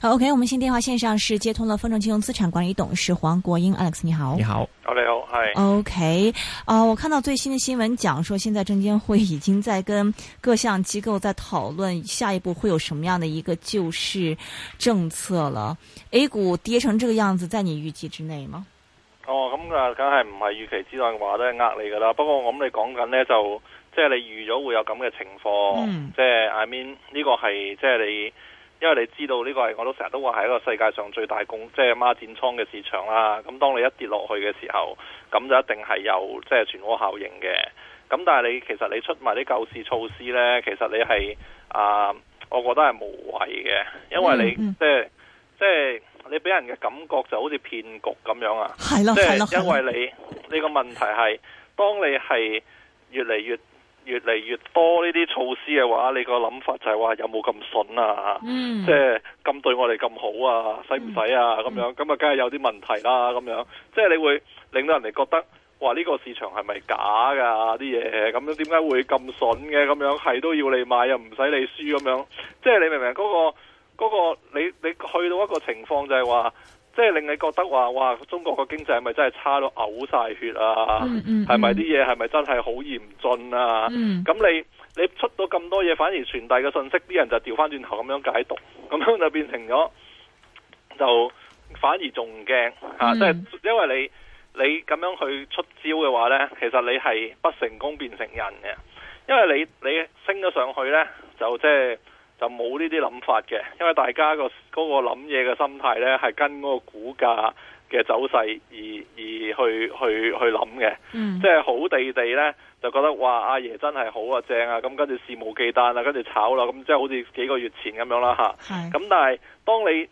好 OK，我們現電話線上是接通了豐盛金融資產管理董事黃國英 Alex，你好。你好，我你好，係。OK，啊、呃，我看到最新的新聞講說，現在證監會已經在跟各項機構在討論下一步會有什麼樣的一個救市政策了。A 股跌成這個樣子，在你預計之內嗎？哦，咁、嗯、啊，梗係唔係預期之內嘅話都係呃你噶啦。不過我諗你講緊呢，就即係你預咗會有咁嘅情況，即係 I mean 呢個係即係你。因為你知道呢個係我都成日都話係一個世界上最大供即係孖展倉嘅市場啦，咁當你一跌落去嘅時候，咁就一定係有即係傳播效應嘅。咁但係你其實你出埋啲救市措施呢，其實你係啊、呃，我覺得係無謂嘅，因為你即即係你俾人嘅感覺就好似騙局咁樣啊，即係、即係、因為你呢個問題係當你係越嚟越。越嚟越多呢啲措施嘅話，你個諗法就係話有冇咁筍啊？嗯，即係咁對我哋咁好啊，使唔使啊？咁樣咁啊，梗係有啲問題啦。咁樣即係你會令到人哋覺得，哇！呢個市場係咪假㗎啲嘢？咁樣點解會咁筍嘅？咁樣係都要你買又唔使你輸咁樣，即係你明唔明嗰個嗰個，嗰個嗰個、你你去到一個情況就係話。即係令你覺得話哇，中國個經濟係咪真係差到嘔晒血啊？係咪啲嘢，係咪真係好嚴峻啊？咁、嗯、你你出到咁多嘢，反而傳遞嘅信息，啲人就調翻轉頭咁樣解讀，咁樣就變成咗就反而仲驚吓，即、啊、係、嗯就是、因為你你咁樣去出招嘅話呢，其實你係不成功變成人嘅，因為你你升咗上去呢，就即係。就冇呢啲諗法嘅，因為大家個嗰個諗嘢嘅心態呢，係跟嗰個股價嘅走勢而而去去去諗嘅。嗯，即係好地地呢，就覺得哇，阿爺真係好啊，正啊，咁跟住肆無忌憚啦、啊，跟住炒啦，咁即係好似幾個月前咁樣啦吓。係。咁但係當你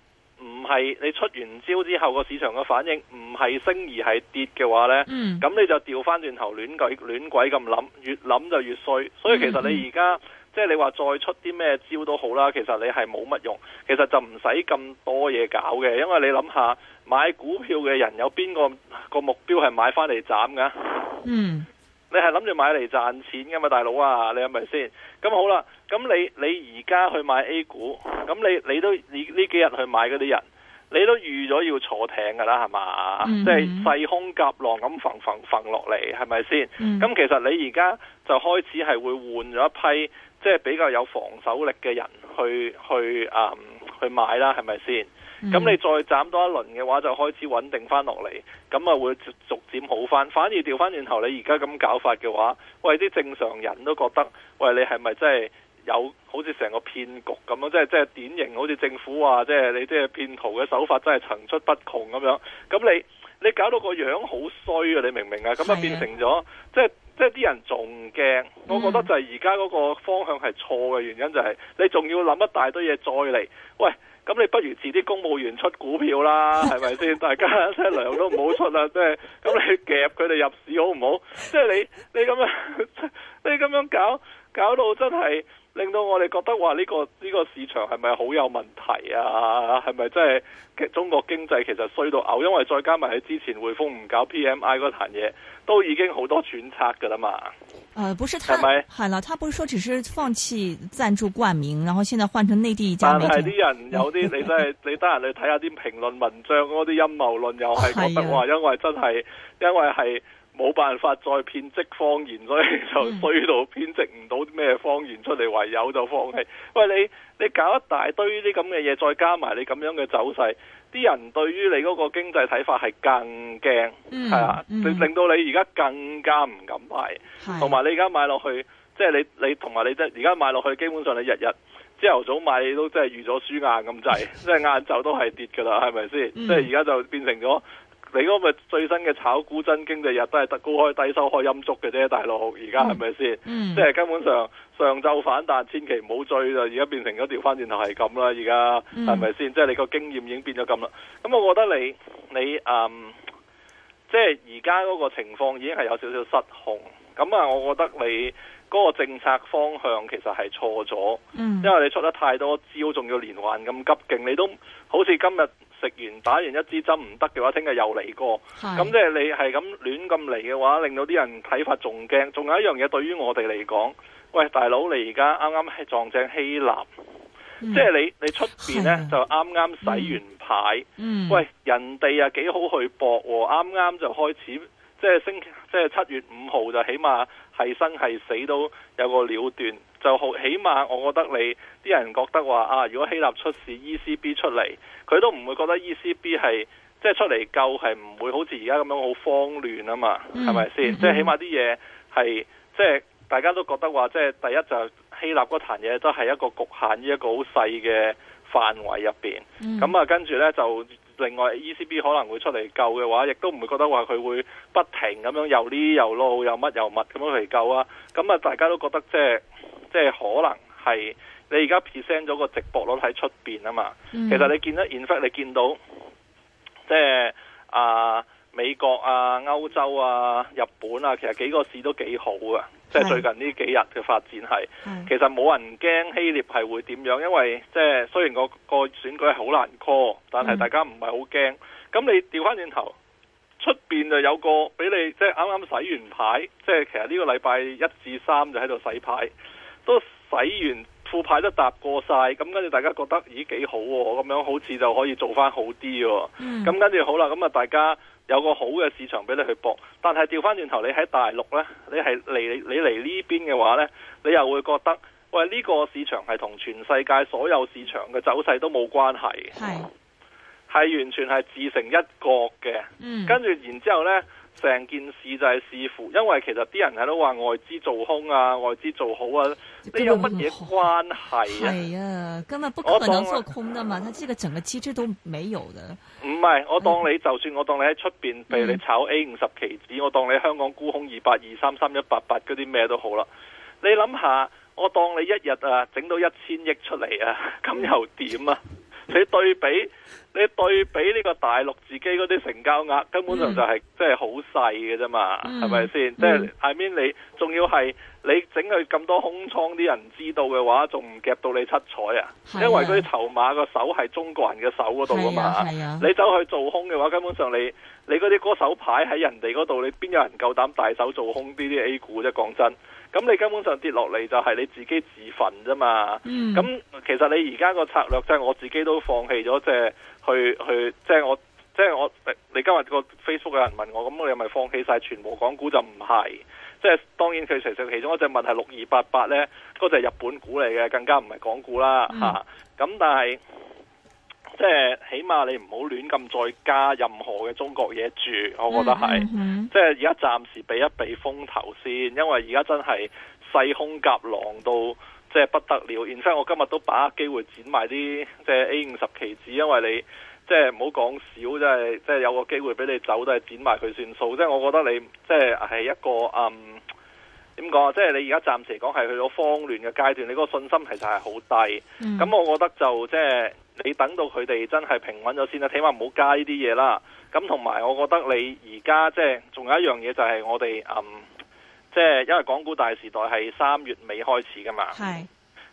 唔係你出完招之後，個市場嘅反應唔係升而係跌嘅話呢，嗯，咁你就掉翻轉頭，亂鬼亂鬼咁諗，越諗就越衰。所以其實你而家。嗯即係你話再出啲咩招都好啦，其實你係冇乜用，其實就唔使咁多嘢搞嘅，因為你諗下買股票嘅人有邊個個目標係買翻嚟斬噶？你係諗住買嚟賺錢噶嘛，大佬啊，你係咪先？咁好啦，咁你你而家去買 A 股，咁你你都你呢幾日去買嗰啲人，你都預咗要坐艇噶啦，係嘛、嗯嗯？即係細空夾浪咁浮浮浮落嚟，係咪先？咁、嗯、其實你而家就開始係會換咗一批。即係比較有防守力嘅人去去啊、嗯、去買啦，係咪先？咁、嗯、你再斬多一輪嘅話，就開始穩定翻落嚟，咁啊會逐漸好翻。反而調翻轉頭，你而家咁搞法嘅話，喂啲正常人都覺得，喂你係咪真係有好似成個騙局咁樣即係即係典型，好似政府話，即係你即係騙徒嘅手法，真係層出不窮咁樣。咁你你搞到個樣好衰啊！你明唔明啊？咁啊變成咗即係。就是即係啲人仲驚，我覺得就係而家嗰個方向係錯嘅原因，就係你仲要諗一大堆嘢再嚟，喂，咁你不如遲啲公務員出股票啦，係咪先？ 大家真係、就是、糧都唔好出啦，即係咁你夾佢哋入市好唔好？即、就、係、是、你你咁樣你咁樣搞搞到真係。令到我哋覺得話呢個呢個市場係咪好有問題啊？係咪真係中國經濟其實衰到嘔？因為再加埋喺之前匯豐唔搞 P M I 嗰壇嘢，都已經好多揣測噶啦嘛。誒、呃，不是他係咪？係喇，他不是說只是放棄贊助冠名，然後現在換成內地一家。但係啲人有啲、嗯、你真係、嗯、你得閒你睇下啲評論文章嗰啲陰謀論又係覺得話因為真係因為係。冇辦法再編織謊言，所以就衰到編織唔到咩謊言出嚟，唯有就放棄。喂，你，你搞一大堆呢啲咁嘅嘢，再加埋你咁樣嘅走勢，啲人對於你嗰個經濟睇法係更驚，係、嗯、啊、嗯，令到你而家更加唔敢買。同埋你而家買落去，即、就、係、是、你你同埋你而家買落去，基本上你日日朝頭早買你都即係預咗輸硬咁滯，即係晏晝都係跌㗎啦，係咪先？即係而家就變成咗。你嗰個最新嘅炒股真經嘅日都係特高開低收開陰燭嘅啫，大佬，而家係咪先？Oh. 是是 mm. 即係根本上上晝反彈，千祈唔好追啦！而家變成咗調翻轉頭係咁啦，而家係咪先？即係你個經驗已經變咗咁啦。咁我覺得你你，你嗯，即係而家嗰個情況已經係有少少失控。咁啊，我覺得你。嗰、那個政策方向其實係錯咗、嗯，因為你出得太多招，仲要連環咁急勁，你都好似今日食完打完一支針唔得嘅話，聽日又嚟過，咁即係你係咁亂咁嚟嘅話，令到啲人睇法仲驚。仲有一樣嘢對於我哋嚟講，喂，大佬，你而家啱啱撞正希臘，即、嗯、係、就是、你你出面呢就啱啱洗完牌，嗯嗯、喂，人哋又幾好去博喎，啱啱就開始。即係升，即係七月五號就起碼係生係死都有個了斷，就好起碼我覺得你啲人覺得話啊，如果希臘出事，ECB 出嚟，佢都唔會覺得 ECB 係即係出嚟救，係唔會好似而家咁樣好慌亂啊嘛，係咪先？即係起碼啲嘢係即係大家都覺得話，即係第一就希臘嗰壇嘢都係一個局限於一個好細嘅範圍入邊。咁、mm -hmm. 啊，跟住呢就。另外，ECB 可能會出嚟救嘅話，亦都唔會覺得話佢會不停咁樣又呢又撈又乜又乜咁樣嚟救啊！咁啊，大家都覺得即係即係可能係你而家 present 咗個直播率喺出邊啊嘛、嗯。其實你見得 in fact 你見到即係、就是、啊美國啊、歐洲啊、日本啊，其實幾個市都幾好啊。即係、就是、最近呢幾日嘅發展係，其實冇人驚希臘係會點樣，因為即係、就是、雖然個選舉係好難 call，但係大家唔係好驚。咁、嗯、你調翻轉頭，出面就有個俾你，即係啱啱洗完牌，即、就、係、是、其實呢個禮拜一至三就喺度洗牌，都洗完副牌都搭過晒，咁跟住大家覺得咦幾好喎、啊，咁樣好似就可以做翻好啲喎、啊。咁跟住好啦，咁啊大家。有個好嘅市場俾你去搏，但係調翻轉頭，你喺大陸呢，你係嚟你嚟呢邊嘅話呢，你又會覺得，喂，呢個市場係同全世界所有市場嘅走勢都冇關係，係完全係自成一國嘅、嗯，跟住然之後呢。成件事就係視乎，因為其實啲人喺度話外資做空啊，外資做好啊，你有乜嘢關係啊？係啊，根本不可能做空的嘛，佢、嗯、這個整個機制都沒有的。唔係，我當你就算我當你喺出邊譬如你炒 A 五十期指，我當你香港沽空二八二三三一八八嗰啲咩都好啦。你諗下，我當你一日啊整到一千億出嚟啊，咁又點啊？你對比，你對比呢個大陸自己嗰啲成交額，根本上就係即係好細嘅啫嘛，係咪先？即係係咪你仲要係你整佢咁多空倉啲人知道嘅話，仲唔夾到你七彩啊？因為啲籌碼個手係中國人嘅手嗰度啊嘛、啊，你走去做空嘅話，根本上你你嗰啲嗰手牌喺人哋嗰度，你邊有人夠膽大手做空呢啲 A 股啫？講真。咁你根本上跌落嚟就係你自己自焚啫嘛。咁、嗯、其實你而家個策略即係我自己都放棄咗，即係去去即係我即係、即係、我。你今日個 Facebook 有人問我，咁我係咪放棄晒全部港股就唔係？即係當然佢其實其中一隻問係六二八八咧，嗰隻係日本股嚟嘅，更加唔係港股啦吓咁、嗯啊、但係。即係起碼你唔好亂咁再加任何嘅中國嘢住，我覺得係，即係而家暫時避一避風頭先，因為而家真係細空夾狼到即係、就是、不得了。然後我今日都把握機會剪埋啲即係 A 五十期指，因為你即係唔好講少，即係即係有個機會俾你走都係剪埋佢算數。即、就、係、是、我覺得你即係係一個嗯，點講啊？即、就、係、是、你而家暫時講係去到慌亂嘅階段，你個信心其實係好低。咁、mm -hmm. 我覺得就即係。就是你等到佢哋真係平穩咗先啦，起碼唔好加呢啲嘢啦。咁同埋，我覺得你而家即係仲有一樣嘢，就係我哋嗯，即係因為港股大時代係三月尾開始噶嘛。係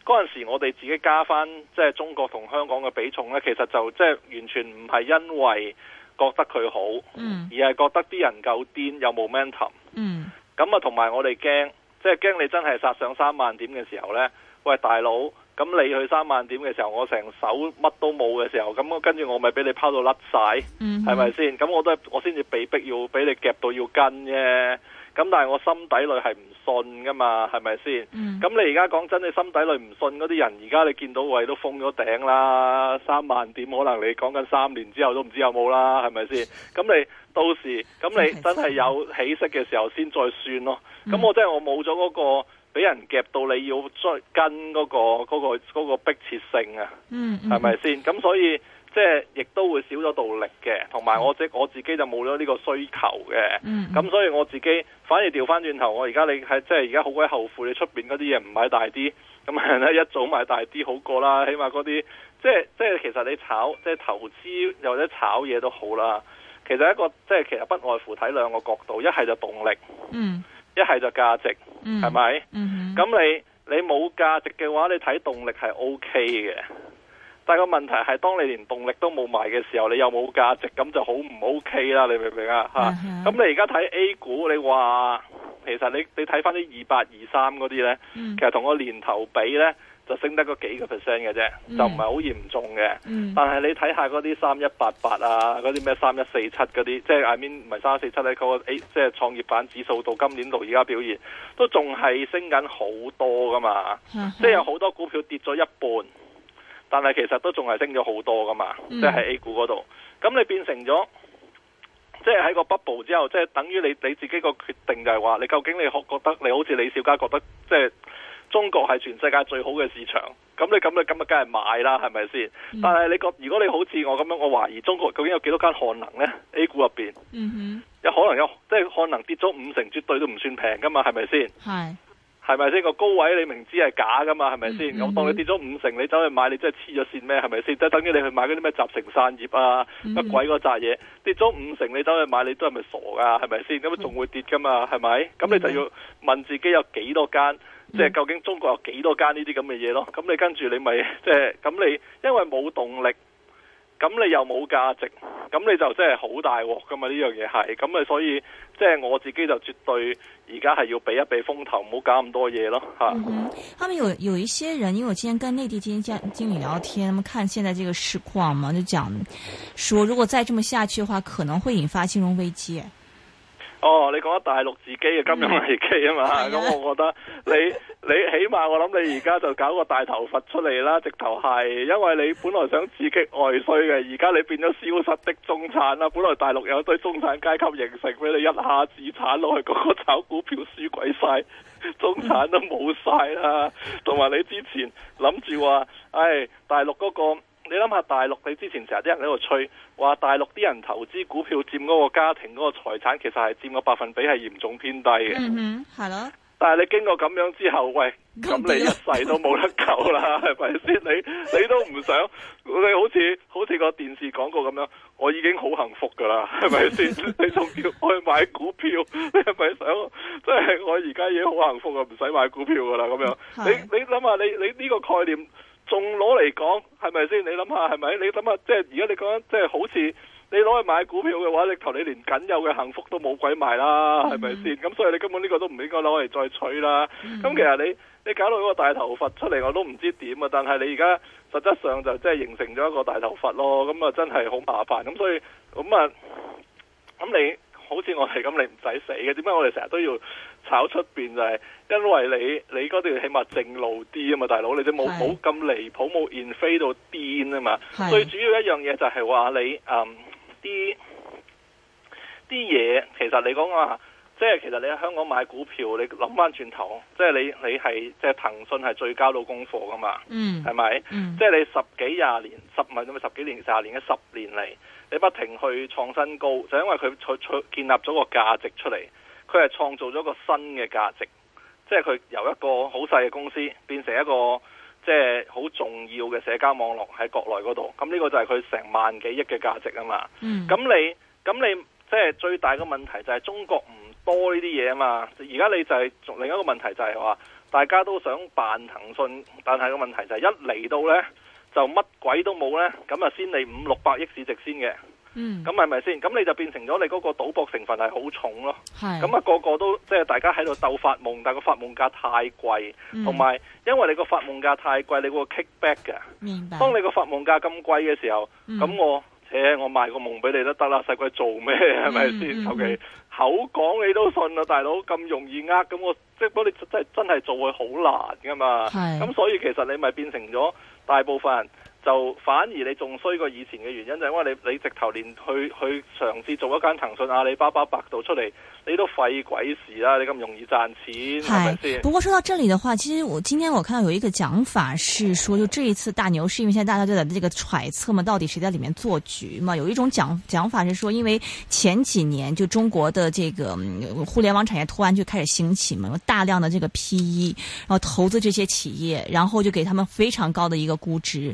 嗰陣時，我哋自己加翻即係中國同香港嘅比重咧，其實就即係、就是、完全唔係因為覺得佢好，嗯，而係覺得啲人夠癲有 momentum，嗯。咁啊，同埋我哋驚，即係驚你真係殺上三萬點嘅時候咧，喂，大佬！咁你去三萬點嘅時候，我成手乜都冇嘅時候，咁我跟住我咪俾你拋到甩晒，係咪先？咁我都係我先至被逼要俾你夾到要跟啫。咁但係我心底裏係唔信噶嘛，係咪先？咁、mm -hmm. 你而家講真，你心底裏唔信嗰啲人，而家你見到位都封咗頂啦，三萬點可能你講緊三年之後都唔知有冇啦，係咪先？咁你到時，咁你真係有起色嘅時候先再算咯。咁、mm -hmm. 我真係我冇咗嗰個。俾人夾到你要追跟嗰個嗰個嗰個迫切性啊，嗯，係咪先？咁、嗯、所以即係亦都會少咗動力嘅，同埋我即我自己就冇咗呢個需求嘅，嗯，咁所以我自己反而調翻轉頭，我而家你係即係而家好鬼後悔，你出面嗰啲嘢唔買大啲，咁咧、嗯、一早買大啲好過啦，起碼嗰啲即係即係其實你炒即係投資又或者炒嘢都好啦，其實一個即係其實不外乎睇兩個角度，一係就動力，嗯。一係就價值，係、嗯、咪？咁、嗯、你你冇價值嘅話，你睇動力係 O K 嘅，但個問題係，當你連動力都冇埋嘅時候，你又冇價值，咁就好唔 O K 啦，你明唔明啊？嚇、嗯！咁你而家睇 A 股，你話其實你你睇翻啲二八二三嗰啲呢、嗯，其實同個年頭比呢。就升得嗰幾個 percent 嘅啫，就唔係好嚴重嘅。但係你睇下嗰啲三一八八啊，嗰啲咩三一四七嗰啲，即係 I mean 唔係三一四七咧，嗰個誒，即係創業板指數到今年度而家表現，都仲係升緊好多噶嘛。即、mm. 係有好多股票跌咗一半，但係其實都仲係升咗好多噶嘛。即係喺 A 股嗰度，咁你變成咗，即係喺個 bubble 之後，即、就、係、是、等於你你自己個決定就係話，你究竟你學覺得你好似李小加覺得即係。就是中國係全世界最好嘅市場，咁你咁你咁啊，梗係買啦，係咪先？但係你覺如果你好似我咁樣，我懷疑中國究竟有幾多間漢能呢？A 股入邊、嗯，有可能有，即係漢能跌咗五成，絕對都唔算平噶嘛，係咪先？係咪先？個高位你明知係假噶嘛，係咪先？我當你跌咗五成，你走去買，你真係黐咗線咩？係咪先？即係等於你去買嗰啲咩集成散業啊、乜鬼嗰扎嘢跌咗五成，你走去買，你都係咪傻噶？係咪先？咁啊，仲會跌噶嘛？係咪？咁你就要問自己有幾多間？即、嗯、係、就是、究竟中國有幾多間呢啲咁嘅嘢咯？咁你跟住你咪即係咁你，因為冇動力，咁你又冇價值，咁你就真係好大鑊㗎嘛？呢樣嘢係咁啊，所以即係、就是、我自己就絕對而家係要避一避風頭，唔好搞咁多嘢咯。吓、嗯，咁啊有有一些人，因為我之前跟內地經經經理聊天，咁看現在這個市況嘛，就講說如果再這麼下去嘅話，可能會引發金融危機。哦，你講大陸自己嘅金融危機啊嘛，咁、嗯、我覺得你你起碼我諗你而家就搞個大頭佛出嚟啦，直頭係，因為你本來想刺激外需嘅，而家你變咗消失的中產啦，本來大陸有一堆中產階級形成俾你一下子鏟落去，個個炒股票輸鬼晒，中產都冇晒啦，同埋你之前諗住話，唉、哎，大陸嗰、那個。你諗下大陸，你之前成日啲人喺度吹，話大陸啲人投資股票佔嗰個家庭嗰個財產，其實係佔個百分比係嚴重偏低嘅。嗯嗯，係咯。但係你經過咁樣之後，喂，咁你一世都冇得救啦，係咪先？你你都唔想，你好似好似個電視廣告咁樣，我已經好幸福噶啦，係咪先？ 你仲要去買股票，你係咪想？即係我而家已經好幸福啊，唔使買股票噶啦，咁樣。係。你你諗下，你你呢個概念？仲攞嚟講係咪先？你諗下係咪？你諗下即係而家你講緊即係好似你攞去買股票嘅話，你求你連僅有嘅幸福都冇鬼買啦，係咪先？咁、mm -hmm. 所以你根本呢個都唔應該攞嚟再取啦。咁、mm -hmm. 其實你你搞到一個大頭佛出嚟，我都唔知點啊。但係你而家實質上就即係形成咗一個大頭佛咯。咁啊真係好麻煩。咁所以咁啊咁你。好似我哋咁，你唔使死嘅。點解我哋成日都要炒出邊、就係？就係因為你你嗰段起碼正路啲啊嘛，大佬，你都冇冇咁離譜，冇然飛到癲啊嘛。最主要一樣嘢就係話你嗯啲啲嘢，其實你講話、啊。即係其實你喺香港買股票，你諗翻轉頭，即、嗯、係、就是、你你係即係騰訊係最交到功課噶嘛？嗯，係咪？即、嗯、係、就是、你十幾廿年十咪唔係十幾年十廿年嘅十年嚟，你不停去創新高，就因為佢創創建立咗個價值出嚟，佢係創造咗個新嘅價值。即係佢由一個好細嘅公司變成一個即係好重要嘅社交網絡喺國內嗰度。咁呢個就係佢成萬幾億嘅價值啊嘛。嗯，咁你咁你即係、就是、最大嘅問題就係中國唔。多呢啲嘢啊嘛，而家你就係、是、另一個問題就係話，大家都想辦騰訊，但係個問題就係、是、一嚟到呢，就乜鬼都冇呢。咁啊先你五六百億市值先嘅，嗯，咁係咪先？咁你就變成咗你嗰個賭博成分係好重咯，咁啊、那個個都即係、就是、大家喺度鬥發夢，但個發夢價太貴，同、嗯、埋因為你個發夢價太貴，你會 kickback 嘅，當你個發夢價咁貴嘅時候，咁我，且、嗯欸、我賣個夢俾你都得啦，使鬼做咩？係、嗯、咪先、嗯嗯？o、okay, k 口講你都信啊，大佬，咁容易呃，咁我即係幫你真係真係做會好難㗎嘛。係。咁所以其實你咪變成咗大部分人。就反而你仲衰過以前嘅原因就係因為你你直頭連去去嘗試做一間騰訊、阿里巴巴、百度出嚟，你都費鬼事啦！你咁容易賺錢係咪先？不過說到這裏嘅話，其實我今天我看到有一個講法是說，就這一次大牛市，因為現在大家都在這個揣測嘛，到底誰在裏面做局嘛？有一種講講法是說，因為前幾年就中國的這個互聯網產業突然就開始興起嘛，有大量的這個 P E，然後投資這些企業，然後就給他們非常高的一個估值。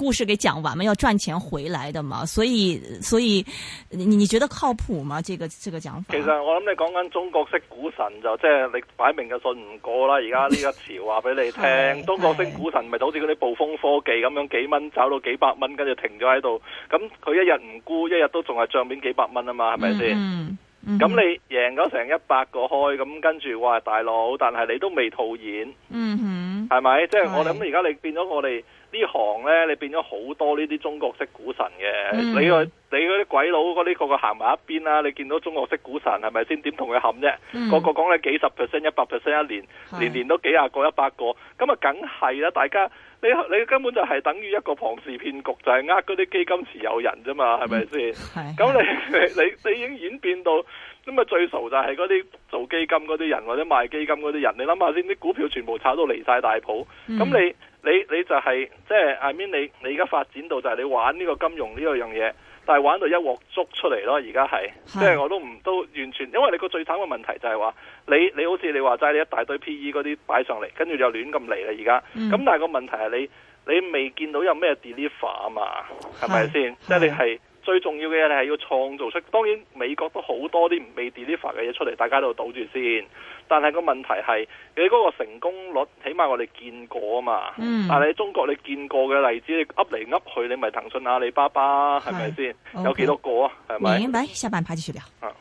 故事給講完嘛，要賺錢回來的嘛，所以所以你，你覺得靠譜嘛？這個這個講法。其實我諗你講緊中國式股神就即係、就是、你擺明嘅信唔過啦。而家呢個詞話俾你聽， 中國式股神咪就好似嗰啲暴風科技咁樣，幾蚊炒到幾百蚊，跟住停咗喺度。咁佢一日唔沽，一日都仲係賬面幾百蚊啊嘛，係咪先？咁、嗯、你贏咗成一百個開，咁跟住哇大佬，但係你都未套、嗯、現，係咪？即係我諗而家你變咗我哋。呢行呢，你變咗好多呢啲中國式股神嘅、嗯，你個你嗰啲鬼佬嗰啲個個行埋一邊啦。你見到中國式股神係咪先？點同佢冚啫？個個講你幾十 percent、一百 percent 一年，年年都幾廿個、一百個，咁啊梗係啦。大家你你根本就係等於一個龐氏騙局，就係呃嗰啲基金持有人啫嘛，係咪先？咁、嗯、你你你，你已經演變到咁啊，最傻就係嗰啲做基金嗰啲人或者賣基金嗰啲人，你諗下先，啲股票全部炒到離晒大譜，咁你。嗯你你就係、是、即係 I mean 你你而家發展到就係你玩呢個金融呢個樣嘢，但係玩到一鑊粥出嚟咯，而家係，即係、就是、我都唔都完全，因為你個最慘嘅問題就係話你你好似你話齋，你一大堆 PE 嗰啲擺上嚟，跟住就亂咁嚟啦，而家，咁、嗯、但係個問題係你你未見到有咩 deliver 啊嘛，係咪先？即係、就是、你係最重要嘅嘢，你係要創造出，當然美國都好多啲未 deliver 嘅嘢出嚟，大家都倒住先。但係個問題係，你嗰個成功率，起碼我哋見過啊嘛。嗯、但係中國你見過嘅例子，你噏嚟噏去，你咪騰訊你爸爸、阿里巴巴係咪先？係係 okay。有幾多個啊？係咪？明白，下班拍住佢啦。嗯